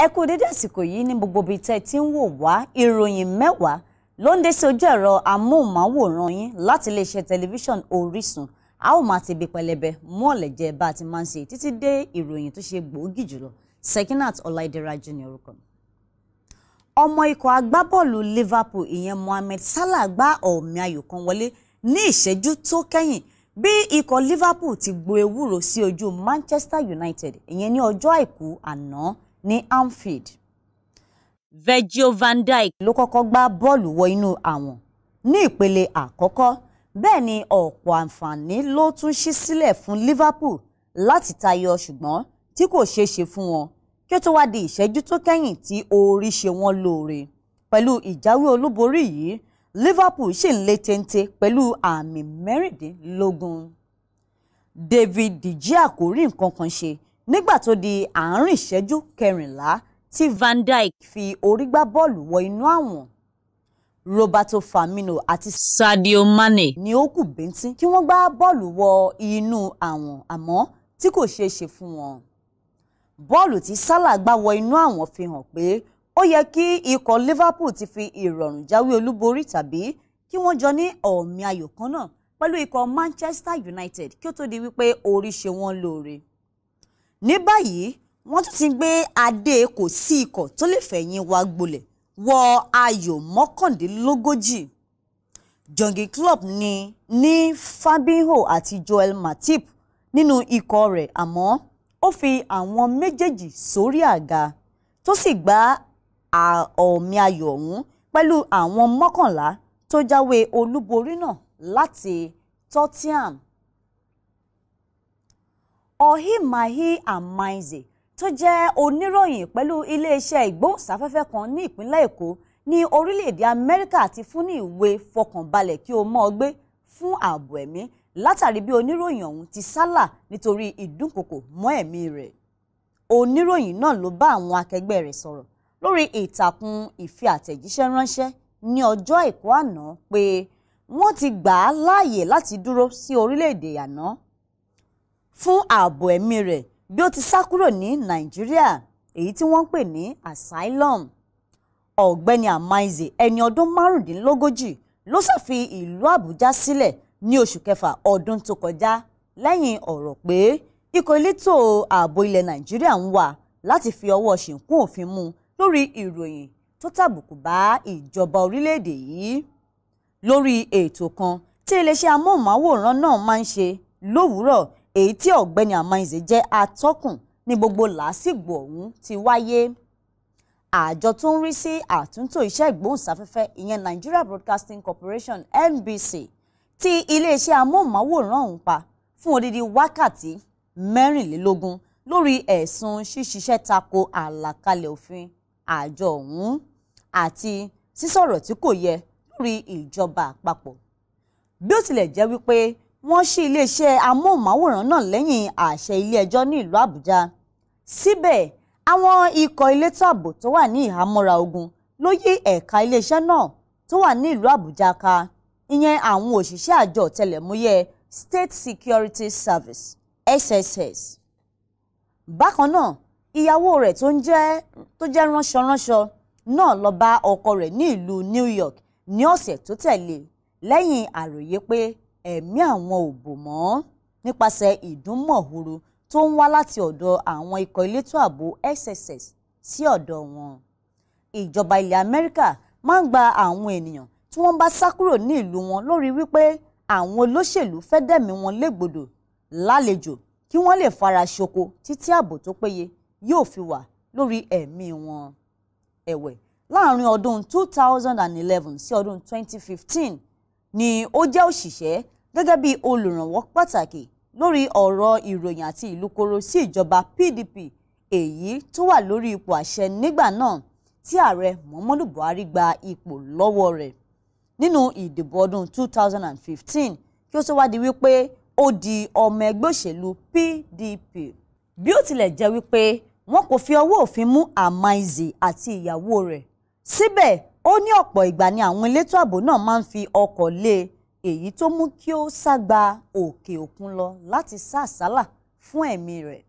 ẹ kú dédé àsìkò yìí ní gbogbo ibi tẹ́ ti ń wò wá ìròyìn mẹ́wàá ló ń dé sí ojú ẹ̀rọ amóhùnmáwòrán yín láti iléeṣẹ́ tẹlifíṣàn Orísun a ó máa ti ibi pẹlẹbẹ mú ọ̀lẹ́jẹ́ bá a ti máa ń ṣe títí dé ìròyìn tó ṣe gbòógì jùlọ Sekinat Ọláìdẹ́rajì ní orúkọ mi. ọmọ ikọ̀ agbábọ́ọ̀lù Liverpool ìyẹn Mohammed Salah gbá ọ̀mì ayò kan wọlé ní ìṣẹ́jú tó kẹ́yìn bí ikọ̀ Liverpool ti gbo ewúro sí ojú Manchester United ìyẹn ní ọjọ́ àìkú àná ní Anfield Virgil van Dyke, ló kọ́kọ́ gbá bọ́ọ̀lù wọ inú àwọn ní ìpele àkọ́kọ́ bẹ́ẹ̀ ni ọ̀pọ̀ àǹfààní ló tún ṣí sílẹ̀ fún Liverpool láti tayọ ṣùgbọ́n tí kò ṣeé ṣe fún wọn kí ó tó wá di ìṣẹ́jú tó kẹ́yìn tí orí ṣe wọ́n lóore pẹ̀lú ìjáwé olúborí yìí Liverpool ṣì ń lé téńté pẹ̀lú àmì mẹ́rìndínlógún David De Gea kò rí nǹkan kan ṣe nígbà tó di àárín ìṣẹ́jú kẹrìnlá tí Van dyke, fi orí gbá bọ́ọ̀lù wọ inú àwọ̀n Roberto Firmino àti Sadio Mane ni ó kù bíntín kí wọ́n gbá bọ́ọ̀lù wọ inú àwọ̀n àmọ́ tí kò ṣeé ṣe fún wọn bọ́ọ̀lù tí Salah gbá wọ inú àwọ̀n fi hàn pé ó yẹ kí ikọ̀ Liverpool ti fi ìrọ̀rùn jáwé olúborí tàbí kí wọ́n jọ ní ọ̀mì ayò kan náà pẹ̀lú ikọ̀ Manchester United kí ó tó di wípé orí ṣe lóore ní báyìí wọ́n tún ti gbé adé kò sí ikọ̀ tó lè fẹ̀yìn wa gbolẹ̀ wọ ayò mọ́kàndínlógójì Jọ̀ǹgì Klopp ni ní Fabinho àti Joel Matip nínú ikọ̀ rẹ̀ àmọ́ ó fi àwọn méjèèjì sórí àga tó sì gba ọ̀mì ayò ọ̀hún pẹ̀lú àwọn mọ́kànlá tó jáwé olúborí náà láti Tottenham Ọ̀hìnmáhí Àmáìzè tó jẹ́ oníròyìn pẹ̀lú iléeṣẹ́ ìgbóhùnsáfẹ́fẹ́ kan ní ìpínlẹ̀ Èkó ní orílẹ̀-èdè Amẹ́ríkà ti fún ní ìwé fọkànbalẹ̀ kí o mọ́ ọ gbé fún ààbò ẹ̀mí látàrí bí oníròyìn ọ̀hún ti sálà nítorí ìdúnkookò mọ́ ẹ̀mí rẹ̀ oníròyìn náà ló bá àwọn akẹgbẹ́ rẹ̀ sọ̀rọ̀ lórí ìtàkùn ìfi àtẹ̀jíṣẹ́ ránṣẹ́ ní ọjọ́ àìkú àná pé wọ́n ti gbà á láàyè láti dúró sí orílẹ̀-èdè àná fún ààbò ẹ̀mí rẹ̀ bí ó ti sá kúrò ní nàìjíríà èyí tí wọ́n ń pè ní asylum ọ̀gbẹ́ni Amaeze ẹni ọdún márùndínlógójì ló ṣàfi ìlú àbújá sílẹ̀ ní oṣù kẹfà ọdún tó kọjá lẹ́yìn ọ̀rọ̀ pé ikọ̀ elétò ààbò ilẹ̀ nàìjíríà ń wà láti fi ọwọ́ ṣìnkún òfin mú lórí ìròyìn tó tàbùkù bá ìjọba orílẹ̀-èdè yìí lórí ètò kan tí iléeṣẹ́ amóhùnmáwòrán náà máa ń ṣe lówùúrọ̀ èyí tí ọ̀gbẹ́ni Amainze jẹ́ atọ́kùn ní gbogbo làásìgbò ọ̀hún ti wáyé àjọ tó ń rí sí àtúntò iṣẹ́ ìgbóhùnsáfẹ́fẹ́ ìyẹn Nigeria Broadcasting Corporation NBC ti iléeṣẹ́ amóhùnmáwòrán ọ̀hún pa fún odidi wákàtí mẹ́rìnlélógún lórí ẹ̀sùn ṣíṣiṣẹ́ tako àlàkalẹ̀ òfin àjọ ọ̀hún àti sísọ̀rọ̀ tí kò yẹ lórí ìjọba àpapọ̀ bí ó tilẹ̀ jẹ́ wípé wọ́n ṣí iléeṣẹ́ amóhùnmáwòrán náà lẹ́yìn àṣẹ ilé-ẹjọ́ ní ìlú Àbújá síbẹ̀ àwọn ikọ̀ elétò ààbò tó wà ní ìhámọ́ra ogun ló yí ẹ̀ka iléeṣẹ́ náà tó wà ní ìlú Àbújá ká ìyẹn àwọn òṣìṣẹ́ àjọ ọ̀tẹlẹ̀múyẹ́ State Security Service SSS bákan náà ìyàwó rẹ̀ tó ń jẹ́ tó jẹ́ ránṣọránṣọ náà lọ bá ọkọ rẹ̀ ní ìlú New York ní ọ̀sẹ̀ tó tẹ̀lé lẹ́yìn àròyé pé ẹ̀mí àwọn ò bò mọ́ nípasẹ̀ ìdúnmọ̀húru tó ń wá láti ọ̀dọ̀ àwọn ikọ̀ elétò ààbò SSS sí ọ̀dọ̀ wọn. ìjọba ilẹ̀ Amẹ́ríkà máa ń gba àwọn ènìyàn tí wọ́n bá sá kúrò ní ìlú wọn lórí wípé àwọn olóṣèlú fẹ́ dẹ̀mí wọn légbodò lálejò kí wọ́n lè fara ṣoko títí ààbò tó péye yóò fi wà lórí ẹ̀mí wọn. ẹ̀wẹ̀ láàrin ọdún 2011 sí ọdún 2015 ni ó jẹ́ òṣìṣẹ́ gẹ́gẹ́ bí olùrànwọ́ pàtàkì lórí ọ̀rọ̀ ìròyìn àti ìlúkoro sí ìjọba PDP èyí tó wà lórí ipò àṣẹ nígbà náà tí ààrẹ Muhammadu Buhari gba ipò lọ́wọ́ rẹ̀ nínú ìdìbò ọdún 2015 kí ó tó wá di wípé ó di ọmọ ẹgbẹ́ òṣèlú PDP bí ó tilẹ̀ jẹ́ wípé wọn kò fi ọwọ́ òfin mú Amaeze àti ìyàwó rẹ̀ síbẹ̀ ó ní ọ̀pọ̀ ìgbà ni àwọn elétò ààbò náà máa ń fi ọkọ̀ lé e èyí tó mú kí ó ságba òkè òkun lọ láti sá àsálà fún ẹ̀mí rẹ̀.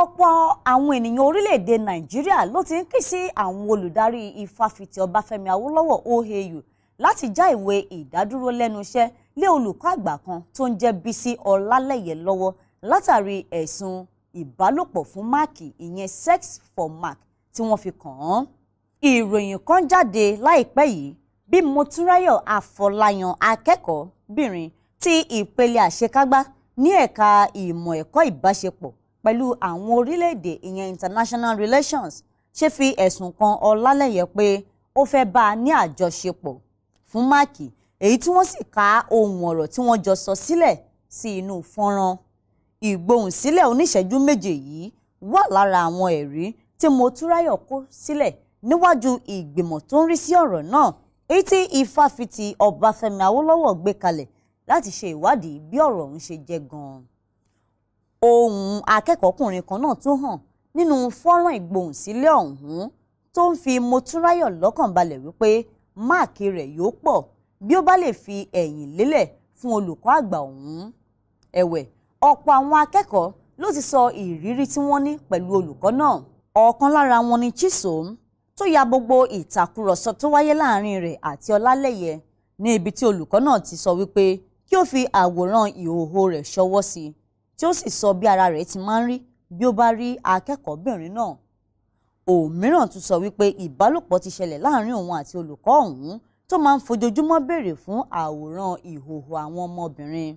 ọ̀pọ̀ àwọn ènìyàn orílẹ̀-èdè nàìjíríà ló ti ń ké sí àwọn olùdarí ifáfitì ọbáfẹ́mi awólọ́wọ̀ OAU láti já ìwé ìdádúró lẹ́nu iṣẹ́ lé olùkọ́ àgbà kan tó ń jẹ́ bísí ọlálẹ́yẹ lọ́wọ́ látàrí ẹ̀sùn ìbálòpọ̀ fún máàkì ìyẹn sex for mark tí wọ́n fi kàn án. ìròyìn kan jáde láìpẹ́ yìí bí Motúnráyọ̀ Àfọláyàn akẹ́kọ̀ọ́bìnrin ti ìpele àṣekágbá ní ẹ̀ka ìmọ̀ ẹ̀kọ́ ìbáṣepọ̀ pẹ̀lú àwọn orílẹ̀-èdè ìyẹn international relations ṣe fi ẹ̀sùn kan Ọlálẹ́yẹ pé ó fẹ́ bá a ní àjọṣepọ̀ fún máàkì èyí tí wọ́n sì ka ohun ọ̀rọ̀ tí wọ́n jọ sọ sílẹ̀ sí inú fọ́nrán ìgbohùnsílẹ̀ oníṣẹ́jú méje yìí wà lára àwọn ẹ̀rí tí Motúnráyọ̀ kó sílẹ̀ níwájú ìgbìmọ̀ tó ń rí sí ọ̀rọ̀ náà èyí tí ìfáfitì Ọbáfẹ́mi Awólọ́wọ̀ gbé kalẹ̀ láti ṣe ìwádìí bí ọ̀rọ̀ ọ̀hún ṣe jẹ́ gan-an ohun akẹ́kọ̀ọ́kùnrin kan náà tó hàn nínú fọ́nrán ìgbohùnsílẹ̀ ọ̀hún tó ń fi Motúnráyọ̀ lọ́kàn balẹ̀ wípé máàkì rẹ̀ yóò pọ̀ bí ó bá lè fi ẹ̀yìn lélẹ̀ fún olùkọ́ àgbà ọ̀hún ẹ̀wẹ̀ ọ̀pọ̀ àwọn akẹ́kọ̀ọ́ ló ti sọ ìrírí tí wọ́n ní pẹ̀lú olùkọ́ náà ọ̀kan lára wọn ni Chisom tó ya gbogbo ìtàkùrọ̀sọ tó wáyé láàrin rẹ̀ àti ọlálẹ́yẹ ní ibi tí olùkọ́ náà ti sọ wípé kí ó fi àwòrán ìhòòhò rẹ̀ ṣọwọ́ sí i tí ó sì sọ bí ara rẹ̀ ti máa ń rí bí ó bá rí akẹ́kọ̀ọ́bìnrin náà òmíràn tún sọ wípé ìbálòpọ̀ ti ṣẹlẹ̀ láàrin òun àti olùkọ́ ọ̀hún tó máa ń fojoojúmọ́ béèrè fún àwòrán ìhòòhò àwọn ọmọbìnrin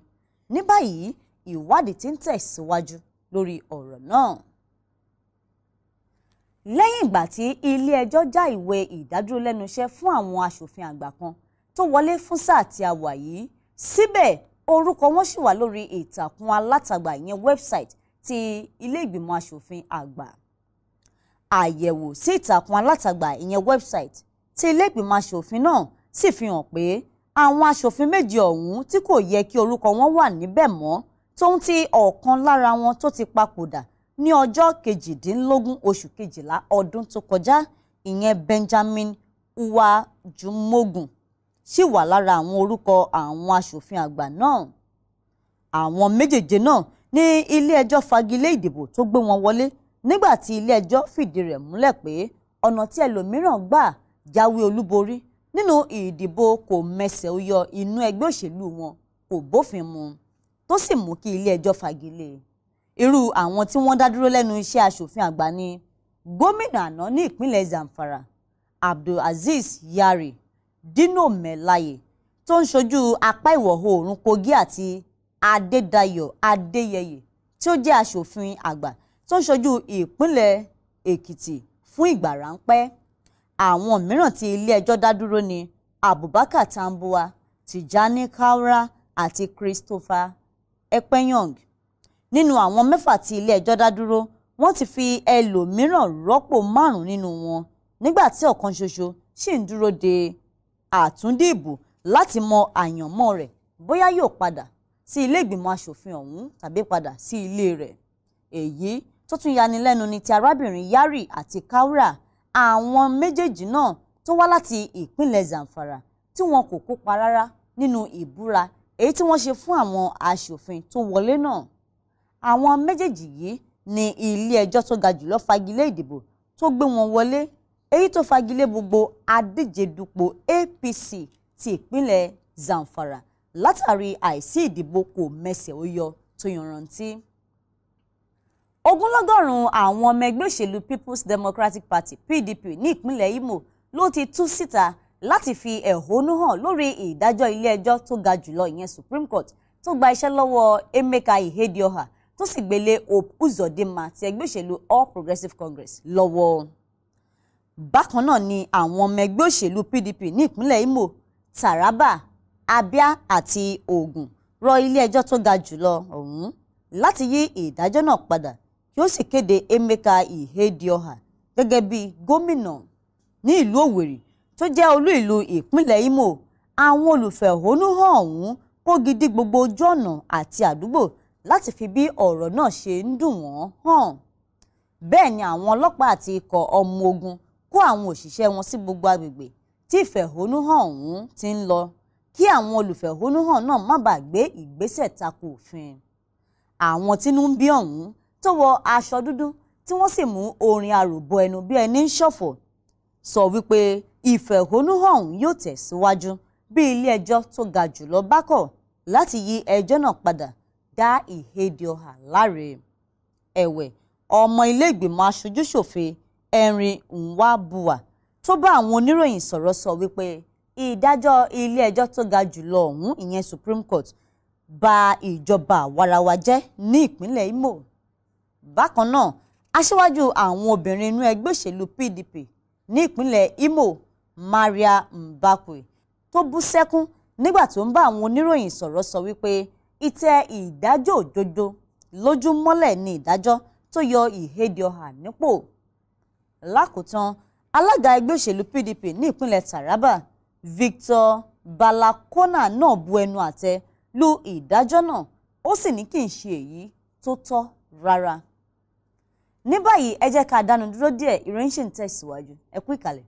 ní báyìí ìwádìí ti ń tẹ̀síwájú lórí ọ̀rọ̀ náà lẹ́yìn ìgbà tí ilé-ẹjọ́ já ìwé ìdádúró lẹ́nu iṣẹ́ fún àwọn aṣòfin àgbà kan tó wọlé fún sáà tí a wà yìí síbẹ̀ orúkọ wọn ṣì wà lórí ìtàkùn alátagbà ìyẹn website ti ilé ìgbìmọ̀ aṣòfin àgbà àyẹ̀wò sí ìtàkùn alátagbà ìyẹn website tí ilé ìgbìmọ̀ aṣòfin náà sì fi hàn pé àwọn aṣòfin méje ọ̀hún tí kò yẹ kí orúkọ wọn wà níbẹ̀ mọ́ tó ń ti ọ̀kan lára wọn tó ti papòdà ní ọjọ́ kejìdínlógún oṣù kejìlá ọdún tó kọjá ìyẹn Benjamin Uwajumogun sì wà lára àwọn orúkọ àwọn aṣòfin àgbà náà àwọn méjèèje náà ní ilé-ẹjọ́ fagilé ìdìbò tó gbé wọn wọlé nígbà tí ilé-ẹjọ́ fìdí rẹ̀ múlẹ̀ pé ọ̀nà tí ẹlòmíràn gbà jáwé olúborí nínú ìdìbò kò mẹsẹ̀ ó yọ inú ẹgbẹ́ òṣèlú wọn kò bófin mu tó sì mú kí ilé fagilé e irú àwọn tí wọ́n dá dúró lẹ́nu iṣẹ́ aṣòfin àgbà ni gómìnà àná ní ìpínlẹ̀ Zamfara Abdulaziz Yari Dino Melaye tó ń ṣojú apá ìwọ̀ oòrùn Kogi àti Adédayọ̀ Adéyẹyẹ tí ó jẹ́ aṣòfin àgbà tó ń ṣojú ìpínlẹ̀ Èkìtì fún ìgbà ráńpẹ́ àwọn mìíràn tí ilé ẹjọ́ dá dúró ni Abubakar Tambuwa Tijani Kaura àti Christopher Ekpenyong nínú àwọn mẹ́fà tí ilé ẹjọ́ dá dúró wọ́n ti fi ẹlòmíràn rọ́pò márùn-ún nínú wọn nígbà tí ọ̀kan ṣoṣo ṣì ń dúró de àtúndìbò láti mọ àyànmọ́ rẹ̀ bóyá yóò padà sí ilé ìgbìmọ̀ asòfin ọ̀hún tàbí padà sí ilé rẹ̀ èyí tó tún yanilẹ́nu ni ti arábìnrin Yari àti Kaura àwọn méjèèjì náà tó wá láti ìpínlẹ̀ Zamfara tí wọn kò kópa rárá nínú ìbúra èyí tí wọ́n ṣe fún àwọn asòfin tó wọlé náà àwọn méjèèjì yìí ni ilé ẹjọ́ tó ga jùlọ fagilé ìdìbò tó gbé wọn wọlé èyí tó fagilé gbogbo adíje APC ti ìpínlẹ̀ Zamfara látàrí àìsí ìdìbò kò mẹsẹ̀ ó yọ tó yanrantí ogunlọ́gọ́rùn-ún àwọn ọmọ ẹgbẹ́ òṣèlú People's Democratic Party PDP ní ìpínlẹ̀ Imo ló ti tú síta láti fi ẹ̀hónú hàn lórí ìdájọ́ ilé ẹjọ́ tó ga jùlọ ìyẹn Supreme Court tó gba iṣẹ́ lọ́wọ́ Emeka Ihedioha tó sì gbélé Hope Uzodinma ti ẹgbẹ́ òṣèlú All Progressives Congress lọ́wọ́ bákan náà ni àwọn ọmọ ẹgbẹ́ òṣèlú PDP ní ìpínlẹ̀ Imo Taraba Abia àti Ogun rọ ilé-ẹjọ́ tó ga jùlọ ọ̀hún láti yí ìdájọ́ náà padà kí ó sì kéde Emeka Ihedioha gẹ́gẹ́ bí gómìnà ní ìlú Òwèrì tó jẹ́ olú ìlú ìpínlẹ̀ Imo àwọn olùfẹ̀hónúhàn ọ̀hún kó gidi gbogbo ojú ọ̀nà àti àdúgbò láti fi bí ọ̀rọ̀ náà ṣe ń dùn wọ́n hàn bẹ́ẹ̀ ni àwọn ọlọ́pàá àti ikọ̀ ọmọ ogun kó àwọn òṣìṣẹ́ wọn sí gbogbo agbègbè tí ìfẹ̀hónúhàn ọ̀hún ti ń lọ kí àwọn olùfẹ̀hónúhàn náà má bàa gbé ìgbésẹ̀ tako òfin àwọn tínú ń bí ọ̀hún tó wọ aṣọ dúdú tí wọ́n sì mú orin àròbọ ẹnu bí ẹni ń ṣọ̀fọ̀ sọ wípé ìfẹ̀hónúhàn ọ̀hún yóò tẹ̀síwájú bí ilé ẹjọ́ tó ga jùlọ bá láti yí ẹjọ́ náà padà dá ìhédé ọ̀hà láre ẹ̀wẹ̀ ọmọ ilé ìgbìmọ̀ aṣojúṣòfin Erin Nwabuwa tó bá àwọn oníròyìn sọ̀rọ̀ sọ wípé ìdájọ́ ilé ẹjọ́ tó ga jùlọ ọ̀hún ìyẹn Supreme Court ba ìjọba àwarawa jẹ́ ní ìpínlẹ̀ Imo bákan náà aṣíwájú àwọn obìnrin inú ẹgbẹ́ òṣèlú PDP ní ìpínlẹ̀ Imo Maria Mbakwe tó bú sẹ́kún nígbà tó ń bá àwọn oníròyìn sọ̀rọ̀ sọ wípé ìtẹ́ ìdájọ́ òdodo lójúmọ́lẹ̀ ni ìdájọ́ tó yọ Ihedioha nípò lákòótán alága ẹgbẹ́ òṣèlú PDP ní ìpínlẹ̀ Taraba Victor Balakona náà bu ẹnu àtẹ́ lu ìdájọ́ náà ó sì ní kì í ṣe èyí tó tọ́ rárá ní báyìí ẹ jẹ́ ká dánu dúró díẹ̀ ìròyìn ń tẹ̀síwájú ẹ kú ìkàlẹ̀.